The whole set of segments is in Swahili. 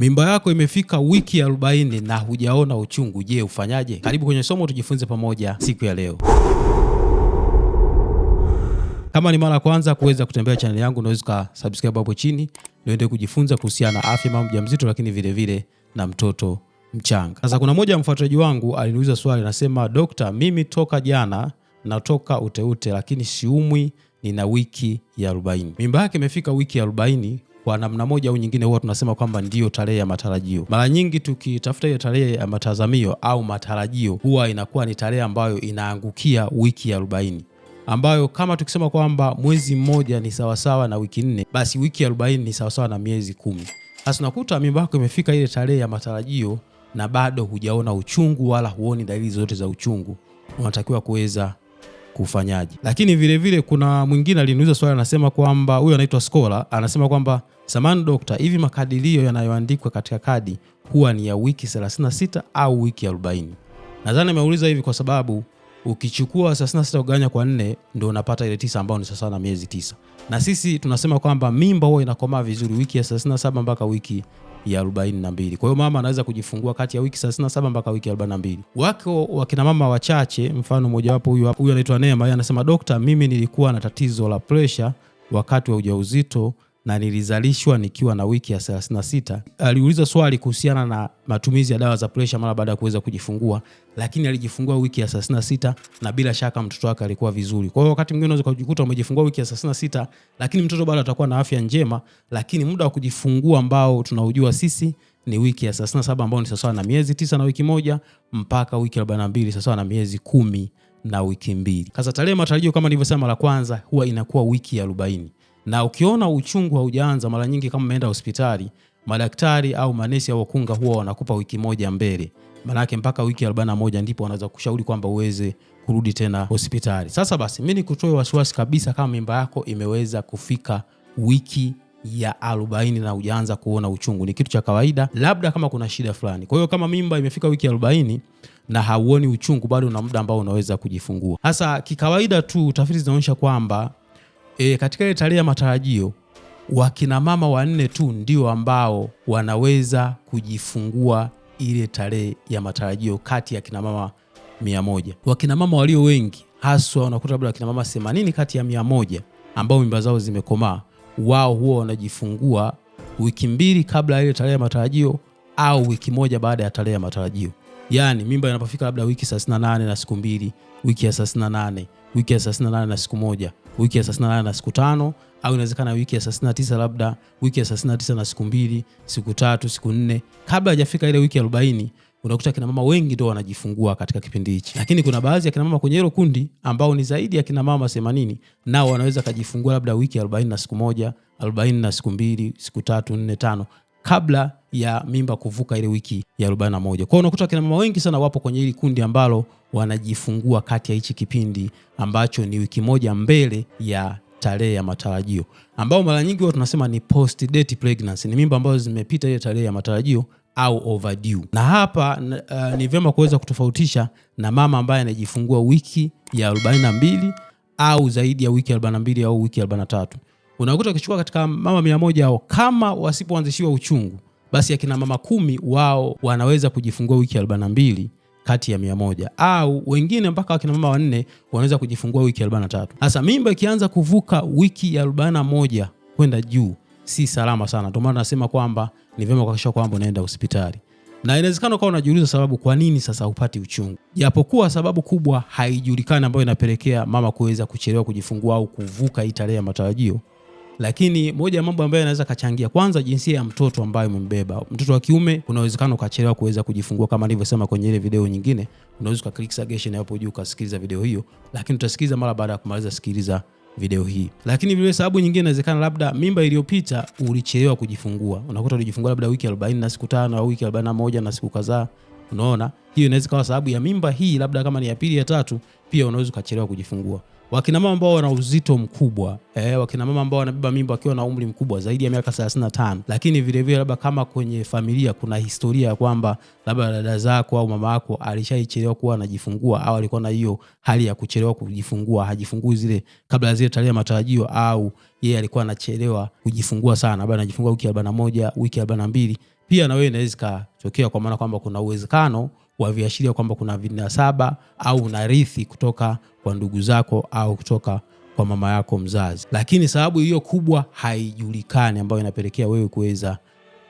Mimba yako imefika wiki ya 40 na hujaona uchungu. Je, ufanyaje? Karibu kwenye somo tujifunze pamoja siku ya leo. Kama ni mara ya kwanza kuweza kutembea chaneli yangu, unaweza ka subscribe hapo chini niende kujifunza kuhusiana na afya mama mjamzito, lakini vilevile vile na mtoto mchanga. Sasa kuna mmoja mfuatiliaji wangu aliniuliza swali, anasema dokta, mimi toka jana natoka uteute, lakini siumwi, nina wiki ya 40. Mimba yake imefika wiki ya 40 kwa namna moja au nyingine huwa tunasema kwamba ndiyo tarehe ya matarajio. Mara nyingi tukitafuta hiyo tarehe ya matazamio au matarajio, huwa inakuwa ni tarehe ambayo inaangukia wiki ya arobaini ambayo kama tukisema kwamba mwezi mmoja ni sawasawa na wiki nne, basi wiki arobaini ni sawasawa na miezi kumi. Sasa unakuta mimba yako imefika ile tarehe ya matarajio na bado hujaona uchungu wala huoni dalili zote za uchungu, unatakiwa kuweza kufanyaje. Lakini vile vile kuna mwingine aliniuliza swali, anasema kwamba huyo anaitwa Skola, anasema kwamba samani dokta, hivi makadirio yanayoandikwa katika kadi huwa ni ya wiki 36 au wiki 40? Nadhani ameuliza hivi kwa sababu ukichukua thelathini na sita kwa nne ndio unapata ile tisa ambayo ni sawa na miezi tisa. Na sisi tunasema kwamba mimba huwa inakomaa vizuri wiki ya 37 mpaka wiki ya 42. Kwa hiyo mama anaweza kujifungua kati ya wiki 37 mpaka wiki 42. Wako wakina mama wachache, mfano wapo huyu huyu anaitwa Neema, yeye anasema, dokta, mimi nilikuwa na tatizo la pressure wakati wa ujauzito na nilizalishwa nikiwa na wiki ya 36. Aliuliza swali kuhusiana na matumizi ya dawa za presha mara baada ya kuweza kujifungua, lakini alijifungua wiki ya 36 na bila shaka mtoto wake alikuwa vizuri. Kwa hiyo wakati mwingine unaweza kujikuta umejifungua wiki ya 36, lakini mtoto bado atakuwa na afya njema, lakini muda wa kujifungua ambao tunaujua sisi ni wiki ya 37 ambao ni sawa na miezi tisa na wiki moja mpaka wiki 42 sawa na miezi kumi na wiki mbili. Sasa tarehe matarajio kama nilivyosema, la kwanza huwa inakuwa wiki ya 40 na ukiona uchungu haujaanza, mara nyingi kama umeenda hospitali, madaktari au manesi au wakunga huwa wanakupa wiki moja mbele, maanake mpaka wiki 41 ndipo wanaweza kushauri kwamba uweze kurudi tena hospitali. Sasa basi, mimi nikutoe wasiwasi kabisa kama mimba yako imeweza kufika wiki ya arobaini na hujaanza kuona uchungu, ni kitu cha kawaida, labda kama kuna shida fulani. Kwa hiyo kama mimba imefika wiki arobaini na hauoni uchungu bado, na muda ambao unaweza kujifungua. Sasa kikawaida tu tafiti zinaonyesha kwamba e, katika ile tarehe ya matarajio wakinamama wanne tu ndio ambao wanaweza kujifungua ile tarehe ya matarajio kati ya kinamama mia moja. Wakinamama walio wengi haswa unakuta labda wakinamama 80 kati ya mia moja ambao mimba zao zimekomaa, wao huwa wanajifungua wiki mbili kabla ya ile tarehe ya matarajio au wiki moja baada ya tarehe ya matarajio yani mimba inapofika labda wiki 38 na siku mbili, wiki ya 38, wiki ya 38 na siku moja, wiki ya 38 na siku tano, au inawezekana wiki ya 39 labda, wiki ya 39 na siku mbili, siku tatu, siku nne, kabla hajafika ile wiki ya 40 unakuta kina mama wengi ndio wanajifungua katika kipindi hichi, lakini kuna baadhi ya kina mama kwenye hilo kundi ambao ni zaidi ya kina mama 80 nao wanaweza kajifungua labda wiki 40 na siku moja, 40 na siku mbili, siku tatu, nne, tano, kabla ya mimba kuvuka ile wiki ya 41. Kwa hiyo unakuta kina mama wengi sana wapo kwenye hili kundi ambalo wanajifungua kati ya hichi kipindi ambacho ni wiki moja mbele ya tarehe ya matarajio, ambao mara nyingi huwa tunasema ni post date pregnancy, ni mimba ambazo zimepita ile tarehe ya matarajio au overdue. Na hapa uh, ni vyema kuweza kutofautisha na mama ambaye anajifungua wiki ya 42 au zaidi ya wiki 42 au wiki 43 unakuta ukichukua katika mama mia moja ao kama wasipoanzishiwa uchungu, basi akina mama kumi wao wanaweza kujifungua wiki 42 kati ya mia moja au wengine mpaka akina mama wanne wanaweza kujifungua wiki 43. hasa mimba ikianza kuvuka wiki ya 41 kwenda juu si salama sana. Ndio maana nasema kwamba ni vyema kuhakikisha kwamba unaenda hospitali, na inawezekana ukawa unajiuliza sababu kwa nini sasa hupati uchungu, japokuwa sababu kubwa haijulikani ambayo inapelekea mama kuweza kuchelewa kujifungua au kuvuka hii tarehe ya matarajio lakini moja ya mambo ambayo yanaweza kachangia, kwanza jinsia ya mtoto ambayo umembeba. Mtoto wa kiume kuna uwezekano ukachelewa kuweza kujifungua, kama nilivyosema kwenye ile video nyingine. Unaweza click suggestion hapo juu ukasikiliza video hiyo, lakini utasikiliza mara baada ya kumaliza sikiliza video hii. Lakini vile sababu nyingine inawezekana labda mimba iliyopita ulichelewa kujifungua, unakuta ulijifungua labda wiki 40 na siku tano au wiki 41 na siku kadhaa. Unaona, hiyo inaweza kuwa sababu ya mimba hii, labda kama ni ya pili, ya tatu, pia unaweza ukachelewa kujifungua wakina mama ambao wana uzito mkubwa eh, wakina mama ambao wanabeba mimba wakiwa na umri mkubwa zaidi ya miaka 35, lakini vile vile labda kama kwenye familia kuna historia ya kwamba labda dada zako au mama yako alishaichelewa kuwa anajifungua au alikuwa na hiyo hali ya kuchelewa kujifungua, hajifungui zile kabla ya zile tarehe ya matarajio, au yeye alikuwa anachelewa kujifungua sana, labda anajifungua wiki 41, wiki 42, pia na wewe inaweza ikatokea, kwa maana kwamba kuna uwezekano wa viashiria kwamba kuna vinasaba au unarithi kutoka kwa ndugu zako au kutoka kwa mama yako mzazi, lakini sababu hiyo kubwa haijulikani, ambayo inapelekea wewe kuweza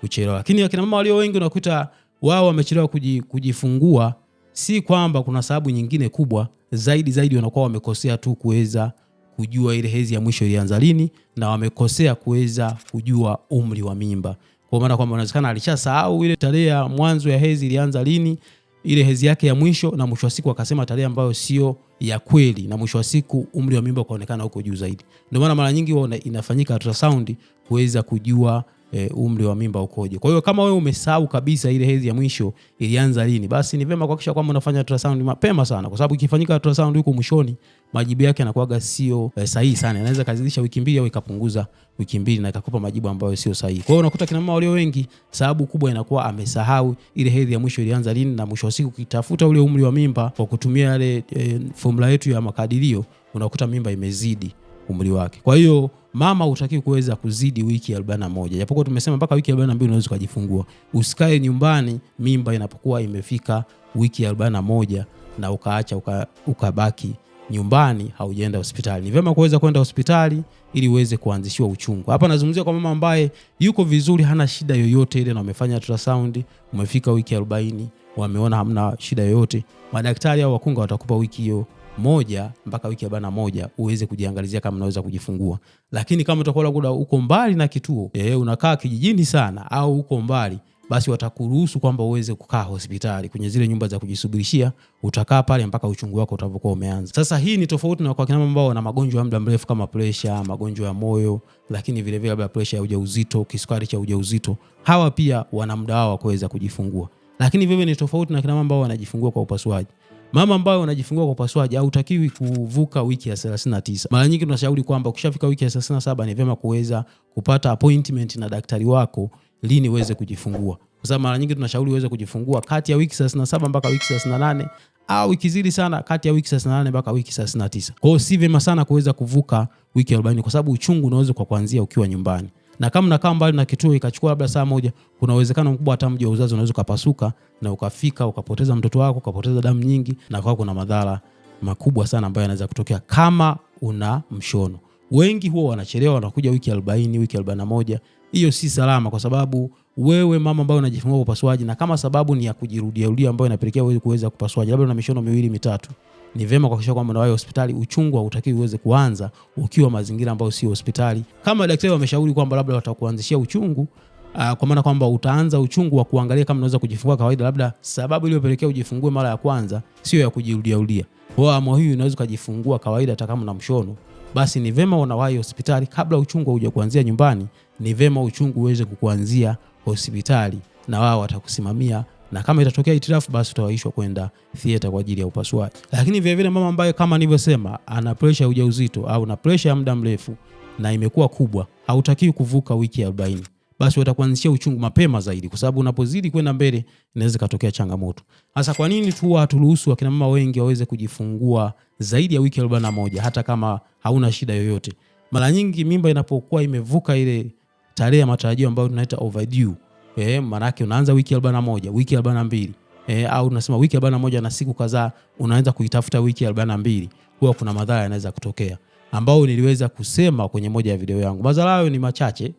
kuchelewa. Lakini akina mama walio wengi unakuta wao wamechelewa kujifungua, si kwamba kuna sababu nyingine kubwa zaidi zaidi, wanakuwa wamekosea tu kuweza kujua ile hedhi ya mwisho ilianza lini, na wamekosea kuweza kujua umri wa mimba, kwa maana kwamba inawezekana alishasahau ile tarehe ya mwanzo ya hedhi ilianza lini ile hezi yake ya mwisho, na mwisho wa siku akasema tarehe ambayo sio ya kweli, na mwisho wa siku umri wa mimba ukaonekana huko juu zaidi. Ndio maana mara nyingi huwa inafanyika ultrasound kuweza kujua Eh, umri wa mimba ukoje. Kwa hiyo kama wewe umesahau kabisa ile hedhi ya mwisho ilianza lini, basi ni vema kuhakikisha kwamba unafanya ultrasound mapema sana, kwa sababu ikifanyika ultrasound huko mwishoni, majibu yake yanakuwaga sio eh, sahihi sana. Inaweza kazidisha wiki mbili au ikapunguza wiki mbili na ikakupa majibu ambayo sio sahihi. Kwa hiyo unakuta kina mama walio wengi, sababu kubwa inakuwa amesahau ile hedhi ya mwisho ilianza lini, na mwisho wa siku ukitafuta ule umri wa mimba kwa kutumia yale eh, formula yetu ya makadirio, unakuta mimba imezidi umri wake. Kwa hiyo mama hutakiwi kuweza kuzidi wiki 41, japokuwa tumesema mpaka wiki 42 unaweza ukajifungua. Usikae nyumbani mimba inapokuwa imefika wiki 41 na ukaacha uka, ukabaki nyumbani haujaenda hospitali. Ni vyema kuweza kwenda hospitali ili uweze kuanzishiwa uchungu. Hapa nazungumzia kwa mama ambaye yuko vizuri, hana shida yoyote ile, na amefanya ultrasound, umefika wiki 40, wameona hamna shida yoyote, madaktari au wakunga watakupa wiki hiyo moja mpaka wiki arobaini na moja uweze kujiangalizia kama unaweza kujifungua. Lakini kama utakuwa labda uko mbali na kituo eh, unakaa kijijini sana au uko mbali basi watakuruhusu kwamba uweze kukaa hospitali kwenye zile nyumba za kujisubirishia. Utakaa pale mpaka uchungu wako utakapokuwa umeanza. Sasa hii ni tofauti na kwa kina mama ambao wana magonjwa ya muda mrefu kama presha, magonjwa ya moyo, lakini vile vile labda presha ya ujauzito, kisukari cha ujauzito. Hawa pia wana muda wao wa kuweza kujifungua, lakini vivyo ni tofauti na kina mama ambao wanajifungua kwa upasuaji. Mama ambayo unajifungua kwa upasuaji hautakiwi kuvuka wiki ya 39. Mara nyingi tunashauri kwamba ukishafika wiki ya 37 ni vyema kuweza kupata appointment na daktari wako lini uweze kujifungua, kwa sababu mara nyingi tunashauri uweze kujifungua kati ya wiki 37 mpaka wiki 38 au ikizidi sana kati ya wiki 38 mpaka wiki 39. Kwa hiyo si vyema sana kuweza kuvuka wiki 40 kwa sababu uchungu unaweza kwa kuanzia ukiwa nyumbani na kama nakaa mbali na kituo ikachukua labda saa moja, kuna uwezekano mkubwa hata mji wa uzazi unaweza ukapasuka na ukafika ukapoteza mtoto wako, ukapoteza damu nyingi, na kwa kuna madhara makubwa sana ambayo yanaweza kutokea kama una mshono. Wengi huwa wanachelewa, wanakuja wiki 40, wiki 41. Hiyo si salama, kwa sababu wewe mama ambaye unajifungua kwa upasuaji, na kama sababu ni ya kujirudia rudia ambayo inapelekea wewe kuweza kupasuaji, labda una mishono miwili mitatu ni vyema kuhakikisha kwamba nawahi hospitali, uchungu hautakiwi uweze kuanza ukiwa mazingira ambayo sio hospitali. Kama daktari wameshauri kwamba labda watakuanzishia uchungu Uh, kwa maana kwamba utaanza uchungu wa kuangalia kama unaweza kujifungua kawaida, labda sababu iliyopelekea ujifungue mara ya kwanza sio ya kujirudiarudia. Kwa hiyo hii unaweza kujifungua kawaida hata kama na mshono, basi ni vema unawahi hospitali kabla uchungu hauja kuanzia nyumbani. Ni vema uchungu uweze kukuanzia hospitali, na wao watakusimamia na kama itatokea itirafu, basi utawaishwa kwenda theater kwa ajili ya upasuaji. Lakini vilevile mama ambaye kama nilivyosema ana presha ya ujauzito au na presha ya muda mrefu na imekuwa kubwa, hautakiwi kuvuka wiki ya 40 basi watakuanzishia uchungu mapema zaidi, kwa sababu unapozidi kwenda mbele inaweza ikatokea changamoto. Hasa kwa nini tu haturuhusu akina mama wengi waweze kujifungua zaidi ya wiki 41 hata kama hauna shida yoyote? Mara nyingi mimba inapokuwa imevuka ile tarehe ya matarajio ambayo tunaita overdue eh, maanake unaanza wiki 41, wiki 42, eh, au unasema wiki 41 na siku kadhaa unaanza kuitafuta wiki 42, huwa kuna madhara yanaweza kutokea ambayo niliweza kusema kwenye moja ya video yangu. Madhara hayo ni machache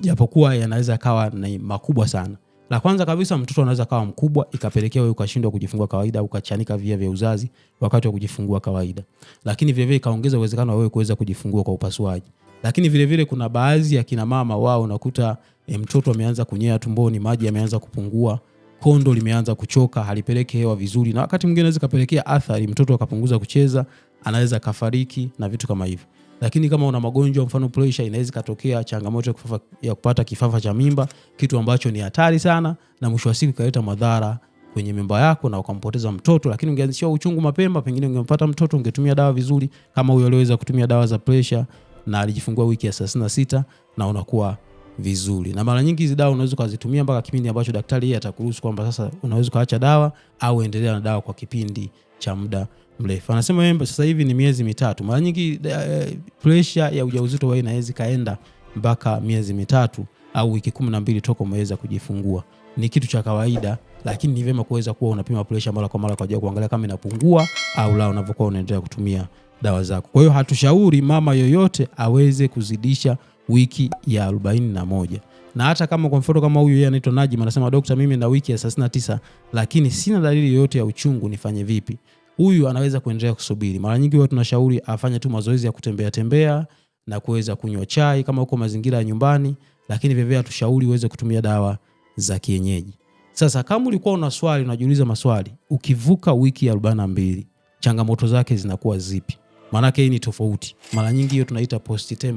japokuwa yanaweza kawa ni makubwa sana. La kwanza kabisa, mtoto anaweza kawa mkubwa ikapelekea wewe ukashindwa kujifungua kawaida au ukachanika via vya uzazi wakati wa kujifungua kawaida, lakini vilevile ikaongeza uwezekano wa wewe kuweza kujifungua kwa upasuaji. Lakini vile vile kuna baadhi ya kina mama wao unakuta e, mtoto ameanza kunyea tumboni, maji yameanza kupungua, kondo limeanza kuchoka, halipeleki hewa vizuri, na wakati mwingine anaweza kapelekea athari, mtoto akapunguza kucheza, anaweza kafariki na vitu kama hivyo. Lakini kama una magonjwa mfano pressure, inaweza katokea changamoto ya, kufafa, ya kupata kifafa cha mimba, kitu ambacho ni hatari sana, na mwisho wa siku kaleta madhara kwenye mimba yako na ukampoteza mtoto. Lakini ungeanzishiwa uchungu mapema, pengine ungempata mtoto, ungetumia dawa vizuri, kama huyo aliyeweza kutumia dawa za pressure na alijifungua wiki ya 36 na unakuwa vizuri. Na mara nyingi hizi dawa unaweza ukazitumia mpaka kipindi ambacho daktari yeye atakuruhusu kwamba sasa unaweza ukaacha dawa au endelea na dawa kwa kipindi cha muda mrefu. Anasema yeye sasa hivi ni miezi mitatu. Mara nyingi uh, pressure ya ujauzito wao inaweza kaenda mpaka miezi mitatu au wiki kumi na mbili toka umeweza kujifungua. Ni kitu cha kawaida, lakini ni vyema kuweza kuwa unapima pressure mara kwa mara kwa ajili ya kuangalia kama inapungua au la, unavyokuwa unaendelea kutumia dawa zako. Kwa hiyo hatushauri mama yoyote aweze kuzidisha wiki ya 41 na hata kama kwa mfano kama huyu yeye anaitwa Najim anasema daktari, mimi na wiki ya 39 lakini sina dalili yoyote ya uchungu, nifanye vipi? Huyu anaweza kuendelea kusubiri. Mara nyingi huwa tunashauri afanye tu mazoezi ya kutembea tembea na kuweza kunywa chai kama uko mazingira ya nyumbani, lakini vivyo tushauri uweze kutumia dawa za kienyeji. Sasa kama ulikuwa una swali, unajiuliza maswali, ukivuka wiki ya 42 changamoto zake zinakuwa zipi? Maanake hii ni tofauti. Mara nyingi hiyo tunaita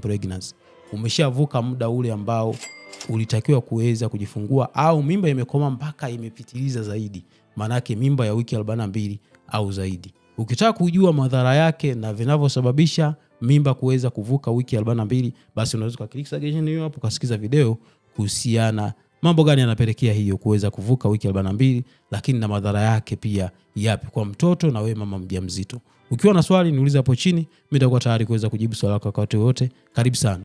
pregnancy. Umeshavuka muda ule ambao ulitakiwa kuweza kujifungua au mimba imekoma mpaka imepitiliza zaidi, maanake mimba ya wiki 42 au zaidi. Ukitaka kujua madhara yake na vinavyosababisha mimba kuweza kuvuka wiki 42, basi unaweza ukaklik hapo ukasikiza video kuhusiana mambo gani yanapelekea hiyo kuweza kuvuka wiki 42, lakini na madhara yake pia yapi kwa mtoto na wewe mama mjamzito. Ukiwa na swali niulize hapo chini, mimi nitakuwa tayari kuweza kujibu swali lako wakati wote. Karibu sana.